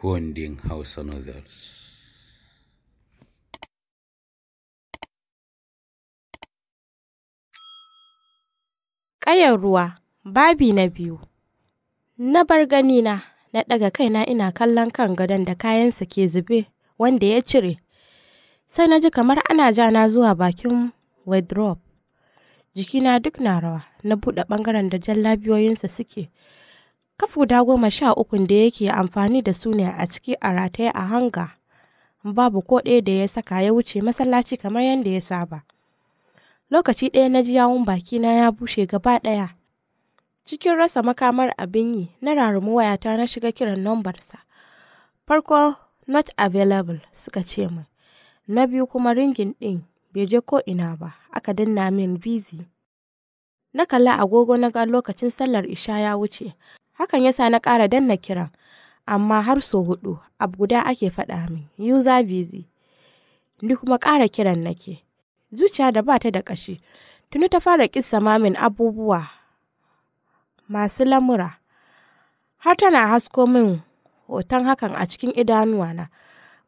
kundin Hausa Novels. Ƙayar ruwa, babi na biyu. Na bar ganina, na ɗaga kaina ina kallon kan gadon da kayansa ke zube, wanda ya cire. Sai na ji kamar ana jana zuwa bakin wardrobe. Jikina duk na rawa, na buɗe ɓangaren da jallabiyoyinsa suke. Kaf guda goma sha ukun da yake amfani da su ne a ciki a rataye a hanga. Babu ko ɗaya da ya saka ya wuce masallaci kamar yadda ya saba. Lokaci ɗaya na ji yawun bakina ya bushe gaba ɗaya. Cikin rasa makamar abin yi, na rarumi wayata na shiga kiran nambarsa. Farko not available suka ce min. Na biyu kuma ringin ɗin bai je ko ina ba, aka danna min busy. Na kalla agogo na ga lokacin sallar isha ya wuce. Hakan yasa na ƙara danna kiran, amma har sau huɗu, abu guda ake faɗa min, user busy. Ni kuma ƙara kiran nake. Zuciya da ba ta da ƙashi, tuni ta fara kissa mamin abubuwa masu lamura. Har tana hasko min hoton hakan a cikin idanuwana.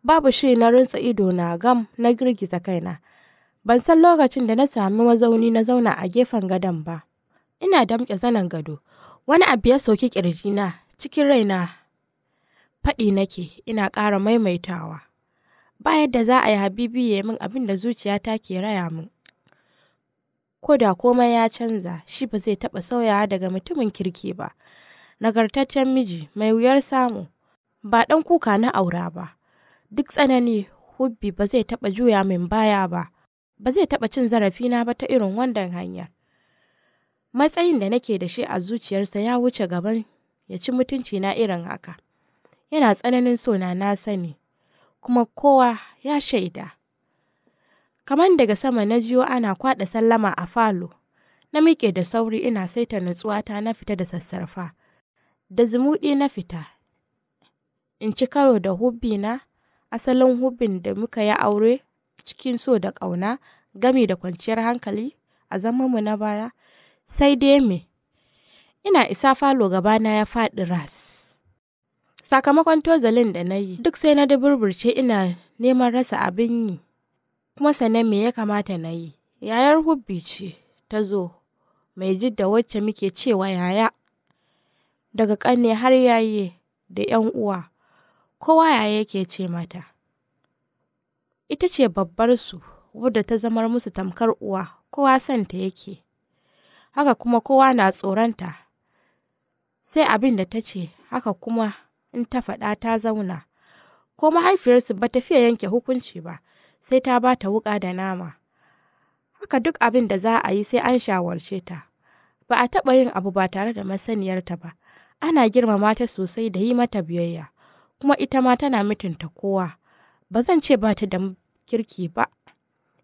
Babu shiri na runtse ido na gam na girgiza kaina. Ban san lokacin da na sami mazauni na zauna a gefen gadon ba. Ina damƙe zanen gado. Wani abu ya sauki ƙirjina, cikin raina faɗi nake, ina ƙara maimaitawa. Ba yadda za a yi habibi ya min abin da zuciyata ke raya min. Ko da komai ya canza, shi ba zai taɓa sauyawa daga mutumin kirki ba. Nagartaccen miji, mai wuyar samu, ba ɗan kuka na aura ba. Duk tsanani, hubbi ba zai taɓa juya min baya ba. Ba zai taɓa cin zarafina ba ta irin wannan hanyar. Matsayin da nake da shi a zuciyarsa ya wuce gaban ya ci mutunci na irin haka. Yana tsananin sona na sani, kuma kowa ya shaida. Kamar daga sama na jiyo ana kwaɗa sallama a falo, na miƙe da sauri ina saita nutsuwata na fita da sassarfa. Da zumuɗi na fita, in ci karo da na, asalin hubbin da muka yi aure cikin so da ƙauna, gami da kwanciyar hankali a zamanmu na baya, sai dai me, ina isa falo gabana ya faɗi ras. Sakamakon tozalin da na yi, duk sai na burburce ina neman rasa abin yi, kuma sanan me ya kamata na yi. Yayar hubbi ce ta zo, mai jidda wacce muke cewa yaya, daga ƙanne har yaye da ‘yan uwa, kowa yaya yake ce mata. Ita ce babbar su. wadda ta zamar musu tamkar uwa, kowa santa yake. haka kuma kowa na tsoronta. Sai abin da ta ce, haka kuma in ta faɗa ta zauna. Ko mahaifiyarsu ba ta fiye yanke hukunci ba, sai ta ba ta wuƙa da nama. Haka duk abin da za a yi sai an shawarce ta. Ba a taɓa yin abu ba tare da masaniyarta ba, ana girmama ta sosai da yi mata biyayya, kuma ita ma tana mutunta kowa. Ba zan ce ba ta da kirki ba,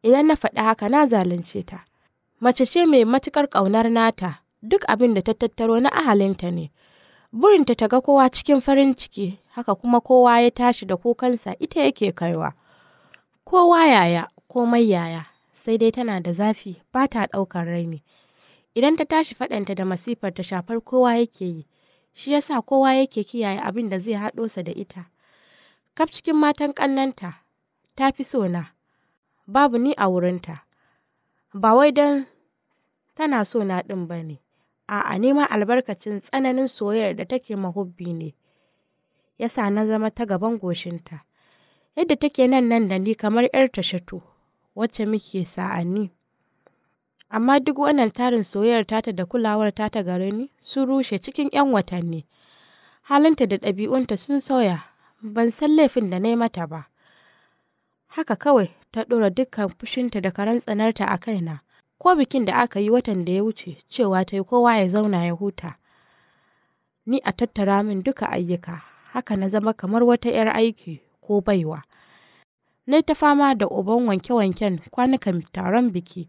idan na faɗi haka na zalunce ta. Mace ce mai matuƙar ƙaunar nata, duk abin da ta tattaro na ahalinta ne. Burinta ta ga kowa cikin farin ciki, haka kuma kowa ya tashi da kukansa ita yake kaiwa. Kowa yaya, komai yaya, sai dai tana da zafi, ba ta ɗaukar raini. Idan ta tashi faɗanta da masifar ta shafar kowa yake yi, shi ya sa kowa yake kiyaye abin da zai haɗo sa da ita. Kaf cikin matan ƙannanta, ta fi so babu ni a wurinta. Ba wai don tana so na ɗin ba ne, a'a ni ma albarkacin tsananin soyayyar da take mahubbi ne ya sa na zama ta gaban goshinta. Yadda take nan nan da ni kamar 'yar tashatu wacce muke sa'anni. Amma duk wannan tarin soyayyar tata da kulawar tata gare ni sun rushe cikin 'yan watanni. Halinta da ɗabi'unta sun sauya, ban san laifin da na yi mata ba. Haka kawai ta ɗora dukkan fushinta da karan tsanarta a kaina, ko bikin da aka yi watan da ya wuce cewa ta yi kowa ya zauna ya huta. Ni a tattara min duka ayyuka, haka na zama kamar wata 'yar aiki ko baiwa. Na ta fama da uban wanke-wanken kwanukan taron biki,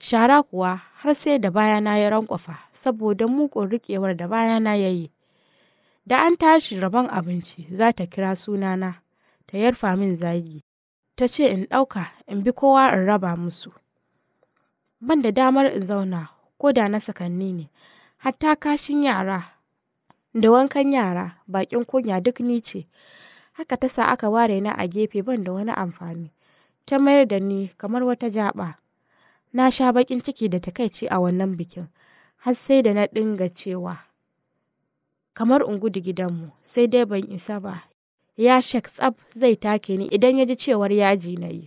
shara kuwa har sai da bayana ya rankwafa saboda mugun riƙewar da bayana ya yi. Da an tashi rabon abinci za ta kira sunana, ta yarfa min zagi. ta ce in ɗauka in bi kowa in raba musu. Ban da damar in zauna ko da na sakanni ne, hatta kashin yara da wankan yara bakin kunya duk ni ce, haka ta sa aka ware na a gefe ban da wani amfani, ta mayar da ni kamar wata jaba. Na sha bakin ciki da takaici a wannan bikin, har sai da na dinga cewa. kamar in gudu gidanmu sai dai ban isa ba ya shek tsab zai take ni idan ya ji cewar yaji na yi.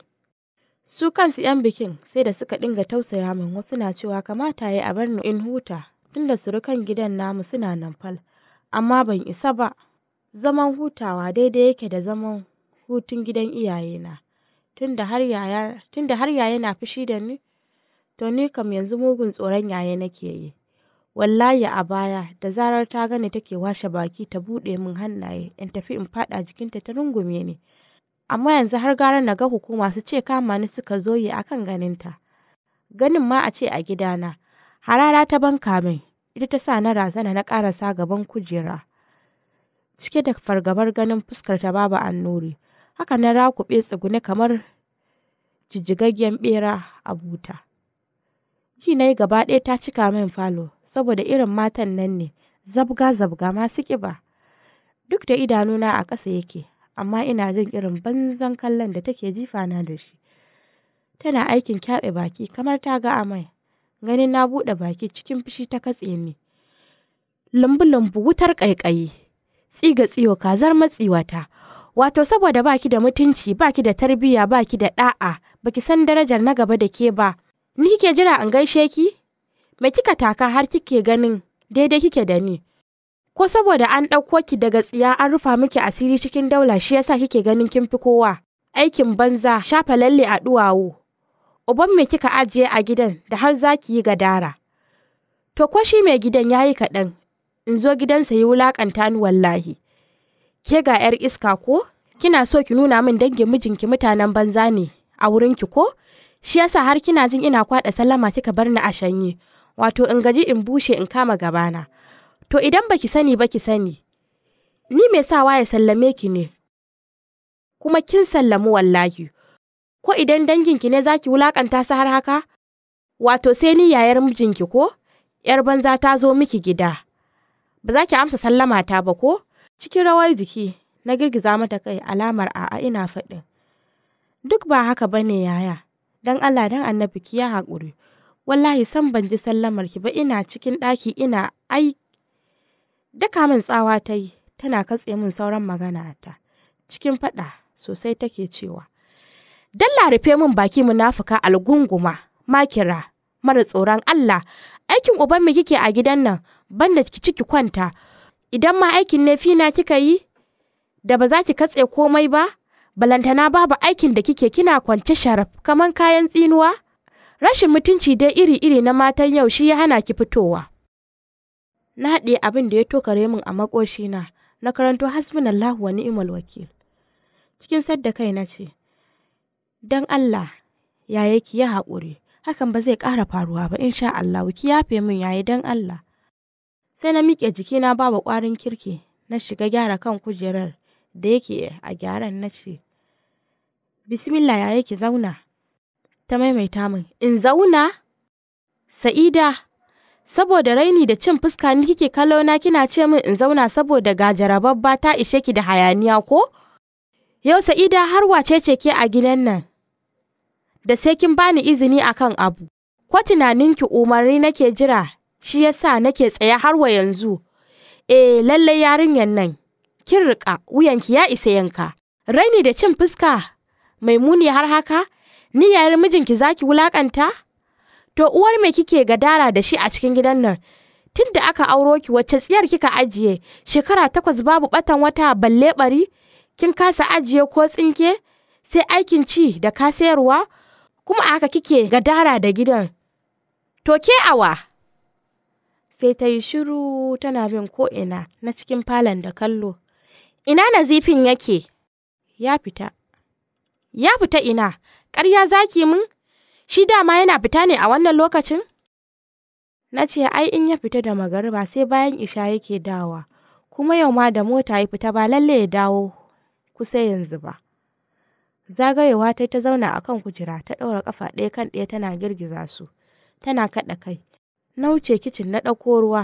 Su kansu 'yan bikin sai da suka dinga tausaya min wasu na cewa kamata ya a bar in huta tunda surukan gidan namu suna nan amma ban isa ba. Zaman hutawa daidai yake da zaman hutun gidan iyayena, tunda har yaya na fushi da ni, to ni kam yanzu mugun tsoron yaya nake yi. Wallahi a baya, da zarar ta gane ni take washe baki ta buɗe min hannaye in tafi in faɗa jikinta ta rungume ni. Amma yanzu har gara na ga hukuma su ce kama ni suka yi a kan ganinta. Ganin ma a ce a gidana, harara ta banka min, ita ta sa na razana na sa gaban kujera. Cike da fargabar ganin fuskar ta babu annuri, haka na rakuɓe tsugune kamar jijjigaggen ɓera a buta. Ji na yi gaba ɗaya ta cika min falo, saboda irin matan nan ne, zabga-zabga masu ƙiba. Duk da idanuna a ƙasa yake, amma ina jin irin banzan kallon da take jifana da shi. Tana aikin kyaɓe baki kamar ta ga amai. Ganin na buɗe baki cikin fushi ta katse ni. lambu-lambu wutar ƙaiƙayi, tsiga tsiyo kazar matsiwata. Wato saboda baki da mutunci, baki da tarbiyya, baki da ɗa'a, baki san darajar na gaba da ke ba. Ni kike jira in gaishe ki? Me kika taka har kike ganin daidai kike da ni? Ko saboda an ɗauko ki daga tsiya an rufa miki asiri cikin daula shi yasa kike ganin kin fi kowa? Aikin banza shafa lalle a duwawu. Uban me kika ajiye a gidan da har za ki yi gadara? To ko shi mai gidan yayi yi kaɗan in zo gidansa yi wulaƙanta ni wallahi. Ke ga ‘yar iska ko? Kina so ki nuna min dangin mijinki mutanen banza ne a wurinki ko? Shi yasa har kina jin ina kwaɗa sallama kika bar ni a shanye, wato in gaji in bushe in kama gabana. To idan baki sani ba ki sani, ni mai sawa ya sallame ki ne, kuma kin sallamu wallahi. Ko idan dangin ki ne za ki wulaƙanta su har haka? Wato sai ni yayar mijinki ko? ‘Yar banza ta zo miki gida. Ba za ki amsa sallama ta ba ko? Cikin rawar jiki na girgiza mata kai alamar a'a ina faɗin. Duk ba haka bane yaya. Dan Allah dan annabi ki ya haƙuri. Wallahi san ban ji sallamar ki ba ina cikin ɗaki ina ai. Daka min tsawa ta yi tana katse min sauran magana ta. Cikin faɗa sosai take cewa. Dalla rufe min baki munafuka algunguma makira mara tsoron Allah aikin uban ubanmu kike a gidan nan banda ki ciki kwanta idan ma aikin ne fina kika yi da ba za ki katse komai ba balantana babu aikin da kike kina kwance sharaf kaman kayan tsinuwa rashin mutunci dai iri-iri na matan yau shi ya hana ki fitowa na haɗe abin da ya tokare min a makoshina na karanto hasbunallahu wa ni'mal wakil cikin sadda kai na ce don Allah ya ki ya haƙuri hakan ba zai ƙara faruwa ba insha Allah ki yafe min yayi don Allah sai na miƙe jikina babu ƙwarin kirki na shiga gyara kan kujerar da yake a gyaran na ce Bismillah yaya ki zauna. Ta maimaita min, in zauna? Sa'ida, saboda raini da cin fuska ni kike kallo na kina ce min in zauna saboda ga jarababba ta ishe ki da hayaniya ko? Yau Sa'ida har wace ce ke a gidan nan? Da sai kin bani izini akan abu. Ko tunaninki umarni nake jira, shi yasa nake tsaye har wa yanzu. E, lallai yarinyar nan, kin riƙa wuyanki ya isa yanka. Raini da cin fuska mai muni har haka ni yayar mijinki zaki wulakanta to uwar me kike gadara da shi a cikin gidan nan tun da aka auro ki wacce tsiyar kika ajiye shekara takwas babu batan wata balle bari kin kasa ajiye ko tsinke sai aikin ci da kasayarwa kuma haka kike gadara da gidan to ke awa sai ta yi shiru tana bin ko'ina na cikin falon da kallo ina nazifin yake ya fita Ya fita ina, ƙarya zaki mun? Shi dama yana fita ne a wannan lokacin? Na ce, ai in ya fita da magariba sai bayan isha yake dawa, kuma yau ma da mota ya fita ba lalle ya dawo kusa yanzu ba. Zagayewa ta ta zauna a kan kujera ta ɗaura kafa ɗaya kan ɗaya tana girgiza su, tana kaɗa kai. Na wuce kicin na ɗauko ruwa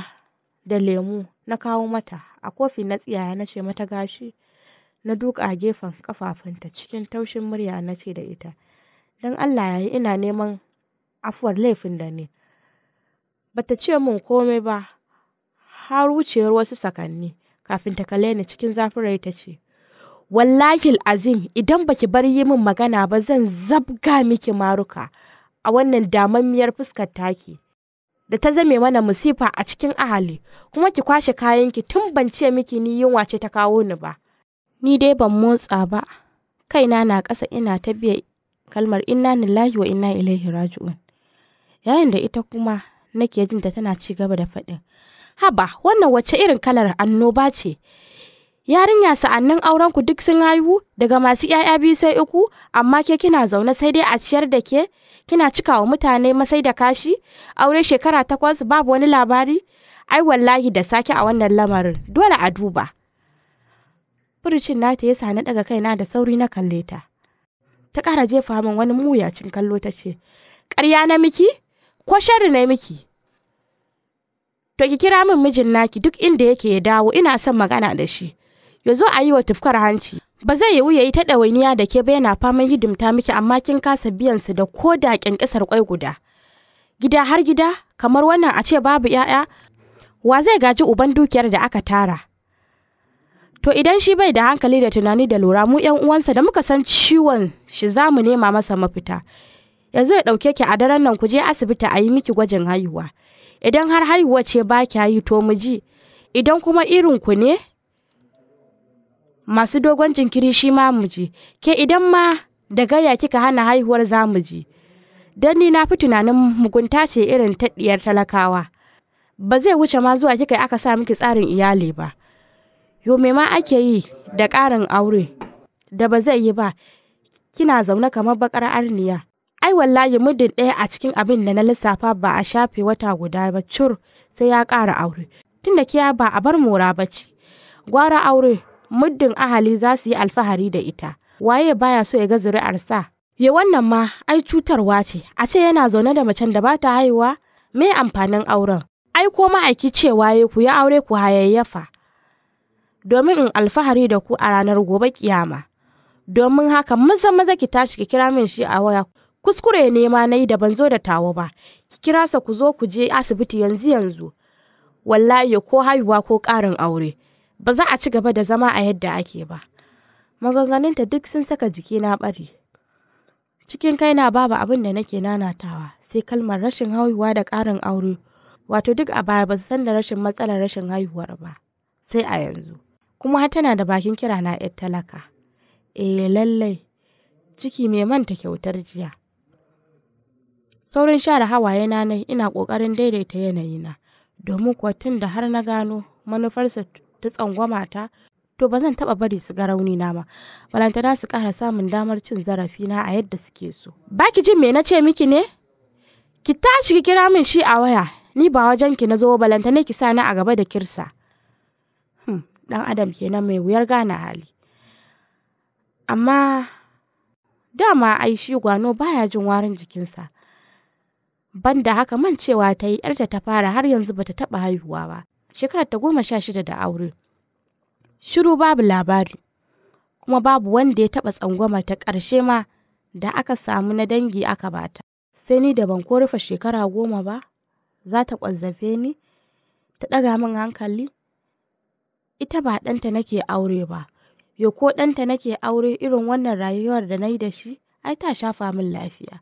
da lemu na kawo mata a kofi na tsiyaya na ce mata gashi Na duƙa gefen ƙafafunta cikin taushin murya na ce da ita, Don Allah ya yi ina neman afuwar laifin da ne. Bata ce min komai ba, har wucewar wasu sakanni kafin ta kalle ni cikin zafin rai ta ce, Wallahi azim idan baki bar yi min magana ba zan zabga miki maruka a wannan damammiyar fuskar taki. da ta zame mana musifa a cikin ahali kuma ki kwashe kayanki tun ban ce miki ni yunwa ce ta kawo ni ba. Ni dai ban motsa ba, kaina na ƙasa ina ta biya kalmar inna lillahi wa inna ilaihi raji'un. Yayin da ita kuma nake jin ta tana ci gaba da faɗin. Haba, wannan wacce irin kalar annoba ce? Yarinya sa'annin auren ku duk sun haihu daga masu ‘ya'ya biyu sai uku, amma ke kina zaune sai dai a ciyar da ke, kina cika wa mutane masai da kashi, aure shekara takwas babu wani labari, ai wallahi da sake a wannan lamarin, dole a duba. Furucin nata ya sa na daga na da sauri na kalle ta. Ta ƙara jefa min wani muyacin kallo ta ce, ƙarya na miki? Ko shari na miki? To ki kira min mijin naki duk inda yake ya dawo ina son magana da shi. Ya zo a yi wa tufkar hanci. Ba zai yi wuya yi ta ɗawainiya da ke ba yana faman hidimta miki amma kin kasa biyan su da ko da ƙyanƙyasar kwai guda. Gida har gida kamar wannan a ce babu 'ya'ya wa zai gaji uban dukiyar da aka tara. to idan shi bai da hankali da tunani da lura mu yan uwansa da muka san ciwon shi za mu nema masa mafita yanzu ya dauke ki a daren nan ku je asibiti a yi miki gwajin haihuwa idan har haihuwa ce ba ki yi to mu ji idan kuma irin ku ne masu dogon jinkiri shi ma mu ji ke idan ma da gaya kika hana haihuwar za mu ji don ni na fi tunanin mugunta ce irin ta ɗiyar talakawa ba zai wuce ma zuwa kika aka sa miki tsarin iyali ba yo me ma ake yi da ƙarin aure da ba zai yi ba kina zaune kamar bakar arniya ai wallahi muddin ɗaya a cikin abin da na lissafa ba a shafe wata guda ba cur sai ya ƙara aure tunda kiya ba a bar mora ba ce gwara aure muddin ahali za su yi alfahari da ita waye baya so ya ga zuri'ar sa? ya wannan ma ai cutarwa ce a ce yana zaune da macen da ba ta haihuwa me amfanin auren ai ko ma'aiki cewa ya ku ya aure ku hayayyafa domin in alfahari da ku a ranar gobe kiyama. Domin haka maza maza ki tashi ki kira min shi a waya kuskure ne ma na yi da ban zo da tawo ba ki kira sa ku zo ku je asibiti yanzu yanzu wallahi ko haihuwa ko ƙarin aure ba za a ci gaba da zama a yadda ake ba. maganganinta duk sun saka jiki na bari Cikin kai na babu abin da nake nanatawa sai kalmar rashin haihuwa da ƙarin aure, wato duk a baya ba su san da rashin matsalar rashin haihuwar ba, sai a yanzu. kuma tana da bakin kira na ‘yar talaka. e lallai, ciki mai manta kyautar jiya. Saurin share hawaye na nai ina kokarin daidaita yanayina, domin kuwa tun da har na gano manufarsa ta tsangwama ta, to ba zan taɓa bari su ga rauni na ba. balanta Balantana su kara samun damar cin zarafi na a yadda suke so. baki jin me na ce miki ne? Ki tashi ki kira min shi a waya, ni ba wajen ki na zo balantane ki sa ni a gaba da kirsa. ɗan adam kenan mai wuyar gane hali. Amma dama ai shi gwano baya jin warin jikinsa. Banda haka man cewa ta yi ‘yarta ta fara har yanzu bata taɓa haihuwa ba, shekarar ta goma sha shida da aure. Shiru babu labari, kuma babu wanda ya taɓa tsangwamar ta ƙarshe ma da aka samu na dangi aka bata. Sai ni da ban ko rufe shekara goma ba, za ta ƙwazzafe ni, ta ɗaga min hankali, ita ba ɗanta nake aure ba, yo ko ɗanta nake aure irin wannan rayuwar da na yi da shi, ai ta shafa min lafiya.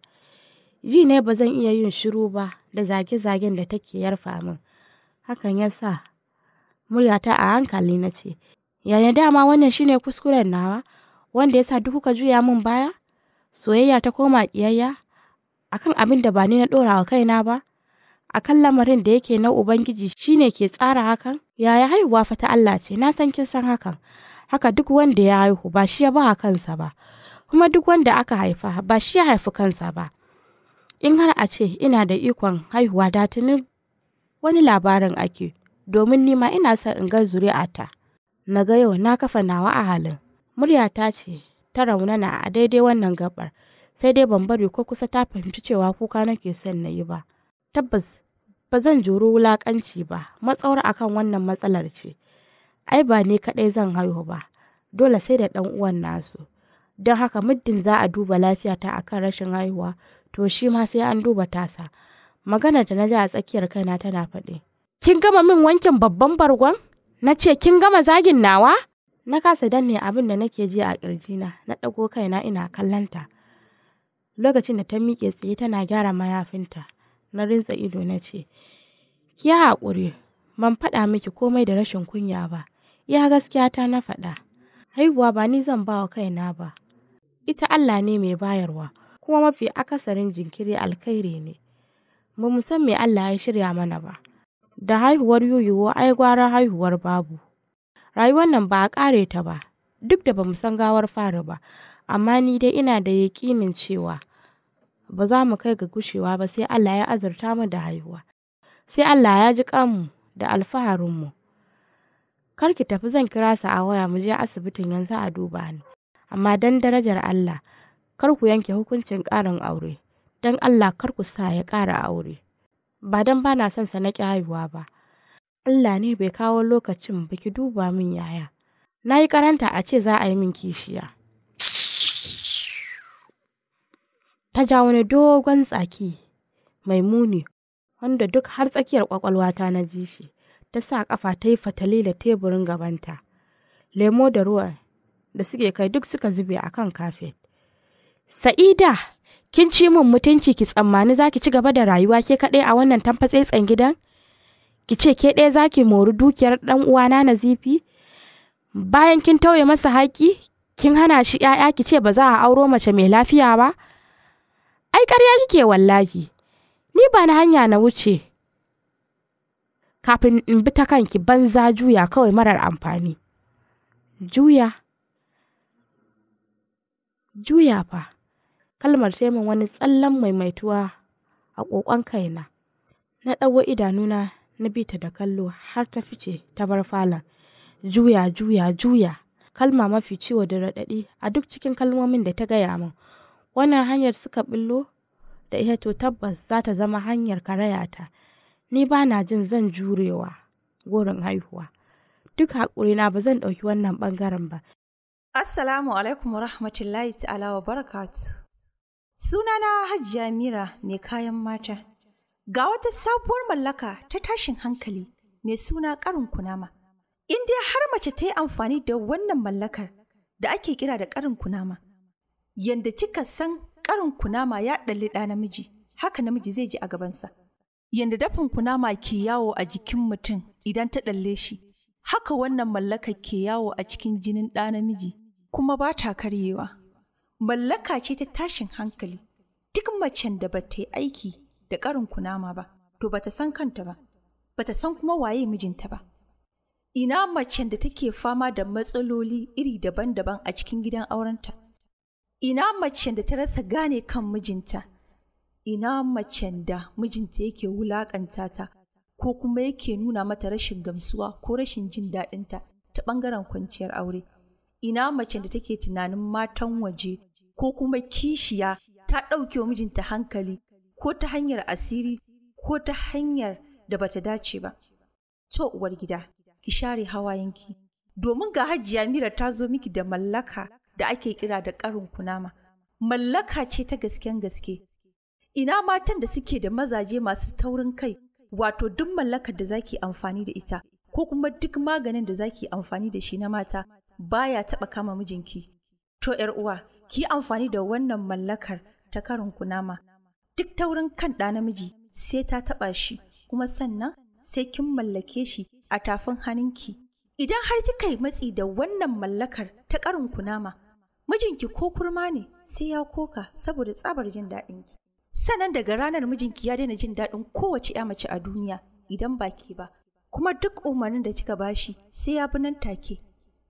Ji ne ba zan iya yin shiru ba da zage-zagen da take yarfa min. Hakan ya sa muryata a hankali na ce, yaya dama wannan shine kuskuren nawa, wanda ya sa duk kuka juya min baya? Soyayya ta koma ƙiyayya? Akan abin da ba ni na ɗora kaina ba? akan lamarin da yake na Ubangiji shine ke tsara hakan? Yaya haihuwa fa ta Allah ce, na san kin san hakan. Haka duk wanda ya haihu ba shi ya ba kansa ba, kuma duk wanda aka haifa ba shi ya haifi kansa ba. In har a ce ina da ikon haihuwa da tuni wani labarin ake, domin nima ina son in ga zuri'ata. Na ga yau na kafa nawa a halin. murya ta ce ta raunana a daidai wannan gabar, sai dai ban bari ko kusa ta fahimci cewa kuka nake son na yi ba. tabbas Ba zan juru wulaƙanci ba, matsawar akan wannan matsalar ce. Ai ba ne kaɗai zan haihu ba, dole sai da ɗan uwan nasu. Don haka muddin za a duba lafiyata akan rashin haihuwa, to shi ma sai an duba tasa. Maganar da na ji a tsakiyar kaina tana faɗi. Kin gama min wankin babban bargon? Na ce kin gama zagin nawa? Na kasa danne abin da nake ji a ƙirjina, na ɗago kaina ina kallanta. Lokacin da ta miƙe tsaye tana gyara mayafinta. na rintsa ido na ce, Ki yi haƙuri, ban faɗa miki komai da rashin kunya ba, iya gaskiya ta na faɗa. Haihuwa ba ni zan ba wa kaina ba, ita Allah ne mai bayarwa, kuma mafi akasarin jinkiri alkhairi ne. Ba mu san me Allah ya shirya mana ba, da haihuwar yuyuwa ai gwara haihuwar babu. Rayuwar nan ba a ƙare ta ba, duk da ba mu san gawar fari ba, amma ni dai ina da yaƙinin cewa. ba za mu kai ga gushewa ba sai Allah ya azurta mu da haihuwa. Sai Allah ya ji kanmu da alfaharinmu. Kar ki tafi zan kira sa a waya mu je asibitin yanzu a duba ni. Amma dan darajar Allah, kar ku yanke hukuncin ƙarin aure. Dan Allah kar ku sa ya ƙara aure. Ba dan ba na son sa na ƙi haihuwa ba. Allah ne bai kawo lokacin ba ki duba min yaya. Na yi karanta a ce za a yi min kishiya. ta ja wani dogon tsaki mai muni wanda duk har tsakiyar kwakwalwata na ji shi ta sa kafa ta yi fatali da teburin gabanta lemo da ruwa da suke kai duk suka zube a kan kafet sa'ida kin ci min mutunci ki tsammani za ki ci gaba da rayuwa ke kaɗai a wannan tamfatsetsen gidan ki ce ke ɗaya za ki mori dukiyar ɗan uwana na zifi bayan kin tauye masa haƙi kin hana shi ‘ya'ya ki ce ba za a auro mace mai lafiya ba ai ƙarya kike wallahi ni ba na hanya na wuce kafin in bi ta kanki banza juya kawai marar amfani juya juya fa kalmar taimin wani tsallan maimaituwa a ƙoƙon kaina na ɗago idanuna na bi ta da kallo har ta fice ta bar falon juya juya juya kalma mafi ciwo da raɗaɗi a duk cikin kalmomin da ta gaya min wannan hanyar suka billo da ita to tabbas za ta zama hanyar karayata ni ba na jin zan jurewa gorin haihuwa duk haƙurina ba zan ɗauki wannan ɓangaren ba. Assalamu alaikum wa rahmatullahi ta'ala wa barakatu. Sunana Hajiya Mira mai kayan mata. Ga wata sabuwar mallaka ta tashin hankali mai suna ƙarin kunama. In dai har mace ta yi amfani da wannan mallakar da ake kira da ƙarin kunama, Yanda kika san karin kunama ya ɗalli ɗa namiji, haka namiji zai ji a gabansa. Yanda dafin kunama ke yawo a jikin mutum idan ta ɗalle shi, haka wannan mallaka ke yawo a cikin jinin ɗa namiji, kuma ba ta karyewa. Mallaka ce ta tashin hankali, duk macen da bata yi aiki da ƙarin kunama ba, to bata san kanta ba, Bata san kuma waye mijinta ba. Ina macen da take fama da matsaloli iri daban-daban a cikin gidan aurenta. ina macen da ta rasa gane kan mijinta ina macen da mijinta yake wulakanta ta ko kuma yake nuna mata rashin gamsuwa ko rashin jin daɗinta ta ɓangaren kwanciyar aure ina macen da take tunanin matan waje ko kuma kishiya ta ɗauke wa mijinta hankali ko ta hanyar asiri ko ta hanyar da bata dace ba to uwar gida ki share yanki domin ga hajiya mira ta zo miki da mallaka da ake kira da ƙarin kunama. Mallaka ce ta gasken gaske. Ina matan da suke da mazaje masu taurin kai, wato duk mallakar da zaki amfani da ita, ko kuma duk maganin da zaki amfani da shi na mata baya taɓa kama mijinki. To uwa, ki amfani da wannan mallakar ta karin kunama. Duk taurin kan ɗa namiji sai ta taɓa shi, kuma sannan sai kin mallake shi a tafin hannunki. Idan har kika yi matsi da wannan mallakar ta karin kunama, Mijinki ko kurma ne sai ya koka saboda tsabar jin daɗinki. Sannan daga ranar mijinki ya daina jin daɗin kowace ya mace a duniya idan baki ba, kuma duk umarnin da kika bashi sai ya bi nan take.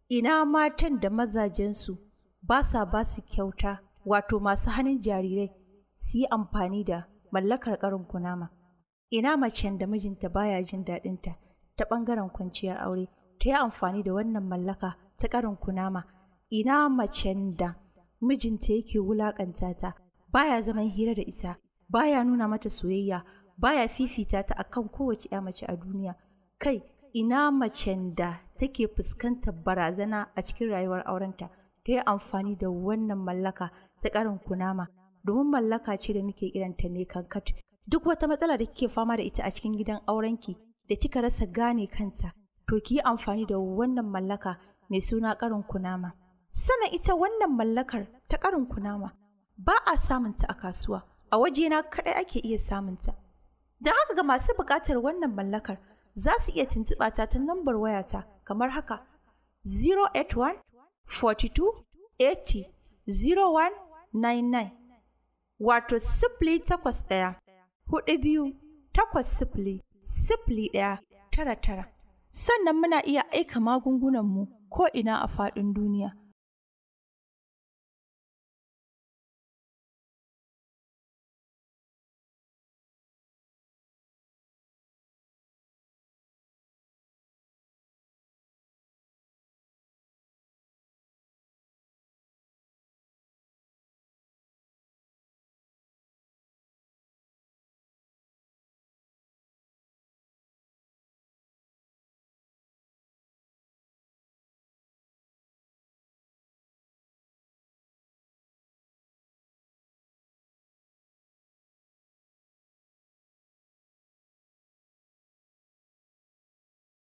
Ina matan da mazajensu ba sa ba su kyauta wato masu hannun jarirai su yi amfani da mallakar karin kunama. Ina macen da mijinta baya jin daɗinta ta ɓangaren kwanciyar aure ta yi amfani da wannan mallaka ta karin kunama ina macen da mijinta yake wulakanta ta baya zaman hira da ita baya nuna mata soyayya baya fifita ta akan kowace ya mace a duniya kai ina macen da take fuskantar barazana a cikin rayuwar aurenta ta yi amfani da wannan mallaka ta karin kunama domin mallaka ce da muke kiranta ne kankat duk wata matsala da kike fama da ita a cikin gidan aurenki da kika rasa gane kanta to ki yi amfani da wannan mallaka mai suna karin kunama Sana ita wannan mallakar ta ƙarin kunama ba a samunta a kasuwa, a wajena kaɗai ake iya samunta. dan haka ga masu buƙatar wannan mallakar za su iya tuntuɓa ta ta lambar wayata kamar haka 081 42 80 0199 wato sifili takwas ɗaya hudu biyu takwas sifili sifili ɗaya tara tara sannan muna iya aika magungunanmu ko ina a faɗin duniya.